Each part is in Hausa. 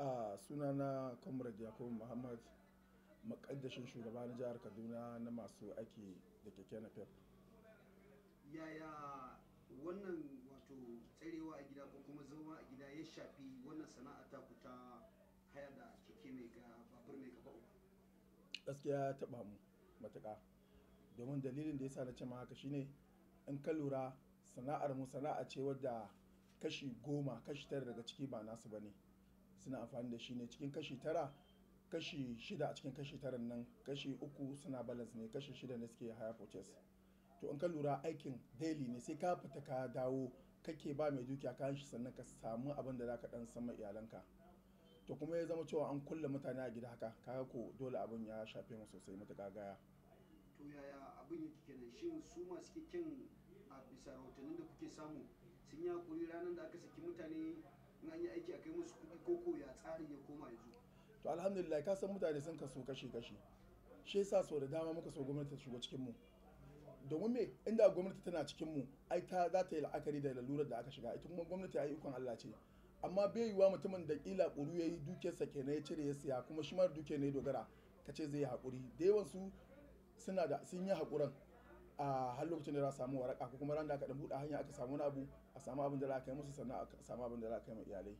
a sunana comrade yakubu muhammad makaddashin shugaba na jihar kaduna na masu aiki da keke na pep yaya wannan wato tsarewa a gida ko kuma zama a gida ya shafi wannan sana'a ta kuta haya da keke mai ga babur mai gaba Gaskiya gaskiya taɓa mu matuka, domin dalilin da ya sa na ce haka shine in ka lura sana'ar mu sana'a ce wadda kashi goma kashi tara daga ciki ba nasu ba ne suna amfani da shi ne cikin kashi tara kashi shida a cikin kashi tara nan kashi uku suna balance ne kashi shida ne suke higher purchase to in ka lura aikin daily ne sai ka fita ka dawo kake ba mai dukiya kayan shi sannan ka samu abin da zaka dan sama iyalanka to kuma ya zama cewa an kulle mutane a gida haka kaga ko dole abin ya shafe mu sosai matuƙa gaya to yaya abin yake kenan shin su masu keken a bisa rahotannin da kuke samu sun yi hakuri ranar da aka saki mutane in yi aiki a kai musu kuɗi ko ko tsarin ya koma yanzu to alhamdulillah ka san mutane sun kaso kashi kashi shi yasa sau da dama muka so gwamnati ta shigo cikin mu domin me inda gwamnati tana cikin mu ai ta za ta yi la'akari da lalurar da aka shiga ita kuma gwamnati ai ikon Allah ce amma bai yiwa mutumin da kila kuru yayi yi sa kenan ya cire ya siya kuma shi mara dukiyar ne dogara ka ce zai yi hakuri da yawan su suna da sun yi hakurin a har lokacin da za a samu waraka ko kuma ran da aka dan buɗe hanya aka samu wani abu a samu abin da za a kai musu sannan a samu abin da za a kai ma iyalai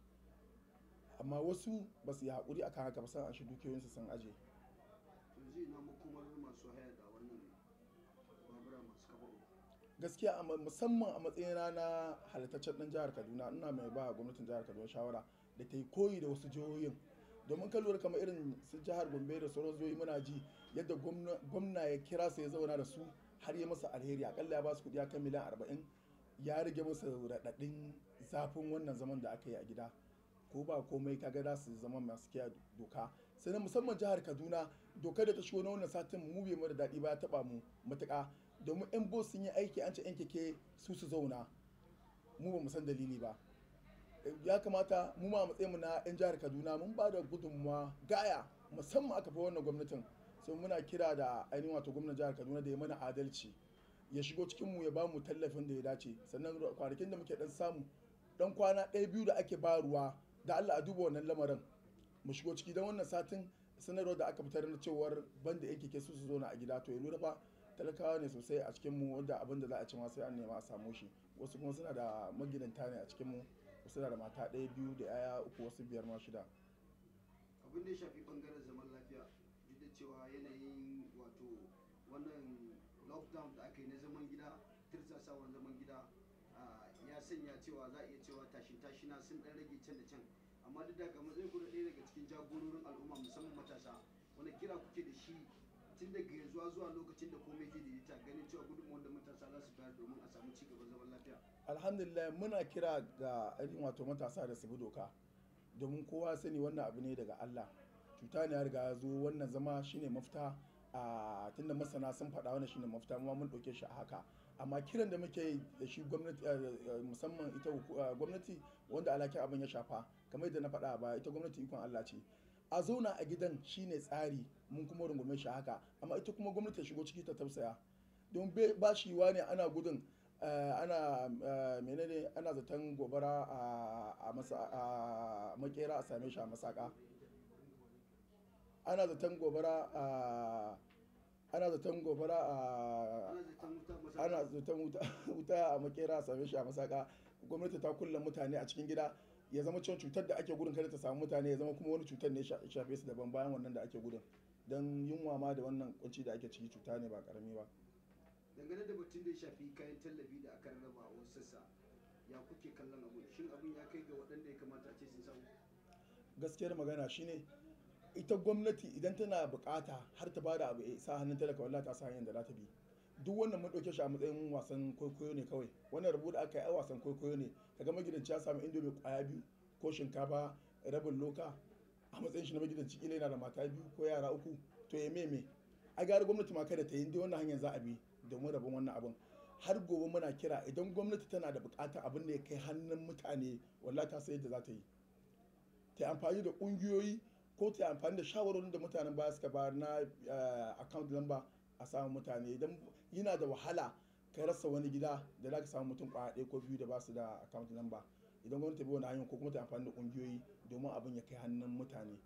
amma wasu ba su yi haƙuri akan haka ba san an shi su san aje gaskiya musamman a matsayina na halittacen ɗan jihar kaduna ina mai ba gwamnatin jihar kaduna shawara da ta yi koyi da wasu jihohin domin ka lura kamar irin su jihar gombe da sauran jihohi muna ji yadda gwamna ya kira su ya zauna da su har yi masa alheri akalla ya ba su kudi akan miliyan arba'in ya rage masa raɗaɗin zafin wannan zaman da aka yi a gida ko ba komai kaga za su zama masu kiyaye doka sannan musamman jihar kaduna dokar da ta shigo na wannan satin mu bai mara daɗi ba ya taɓa mu matuƙa domin yan bos sun yi aiki an ce yan keke su su zauna mu ba mu san dalili ba ya kamata mu ma mu na yan jihar kaduna mun ba da gudunmawa gaya musamman aka fi wannan gwamnatin sai muna kira da ainihin wato gwamnan jihar kaduna da ya mana adalci ya shigo cikin mu ya ba mu tallafin da ya dace sannan kwanakin da muke dan samu dan kwana ɗaya biyu da ake ba ruwa da allah a duba wannan lamarin mu shigo ciki don wannan satin sanarwar da aka fitar na cewar banda yake ke su su zo na a gida to ya nuna fa talakawa ne sosai a cikin mu wanda abin da za a ci ma sai an nema a samu shi wasu kuma suna da magidanta ne a cikin mu wasu da mata ɗaya biyu da yaya uku wasu biyar ma shida abin da ya shafi bangaren zaman lafiya cewa yanayin wato wannan lockdown da aka na zaman gida tirsasawar zaman gida ya sanya cewa za a iya cewa tashin tashina sun dan rage can da can amma duk da ga matsayin ku ɗaya daga cikin jagororin al'umma musamman matasa wani kira kuke da shi tun daga yanzu zuwa lokacin da komai ke daidaita ganin cewa gudunmawar da matasa za su bayar domin a samu ci gaban zaman lafiya alhamdulillah muna kira ga wato matasa da su bi doka domin kowa sani wannan abu ne daga Allah cuta ne ya riga ya zo wannan zama shine mafita a tunda masana sun faɗa wannan shine mafita amma mun ɗauke shi a haka amma kiran da muke da shi gwamnati eh, eh, musamman ita eh, gwamnati wanda alhakin abin ya shafa kamar yadda na faɗa ba ita gwamnati ikon Allah ce a zauna a gidan shine tsari mun kuma rungume shi haka amma ita kuma gwamnati ta shigo ciki ta tausaya don ba shi ne ana gudun ana menene ana zaton gobara a makera a same shi a masaka ana zaton gobara a ana zaton gobara a ana zaton wuta a makera a same shi a masaka gwamnati ta kulle mutane a cikin gida ya zama cewa cutar da ake gudun kada ta samu mutane ya zama kuma wani cutar ne shafe su daban bayan wannan da ake gudun don yunwa ma da wannan kunci da ake ciki cuta ne ba karami ba dangane da batun da ya shafi kayan tallafi da aka rarraba a wasu sassa ya kuke kallon abu shin abun ya kai ga waɗanda ya kamata a ce sun samu gaskiyar magana shine ita gwamnati idan tana bukata har ta bada abu eh, sa hannun ta daga ta sa hanyar da za ta bi duk wannan mun dauke shi a matsayin wasan kwaikwayo ne kawai wannan rabu da aka yi a wasan kwaikwayo ne kaga magidanci ya samu indomi kwaya biyu ko shinkafa rabin loka a matsayin shi na magidanci kila yana da mata biyu ko yara uku to ya meme a gari gwamnati ma kada ta yi inda wannan hanyar za a bi domin rabin wannan abin har gobe muna kira idan gwamnati tana da bukata abin da ya kai hannun mutane wallata sai da za ta yi ta amfani da kungiyoyi ko ta amfani da shawarorin da mutanen baya suka bayar na eh, account number a samun mutane idan yana da wahala ka rasa wani gida da za ka samu mutum kwa ɗaya ko biyu da ba su da account number idan gwamnati bai wani hanyar ko kuma ta amfani da ƙungiyoyi domin abin ya kai hannun mutane.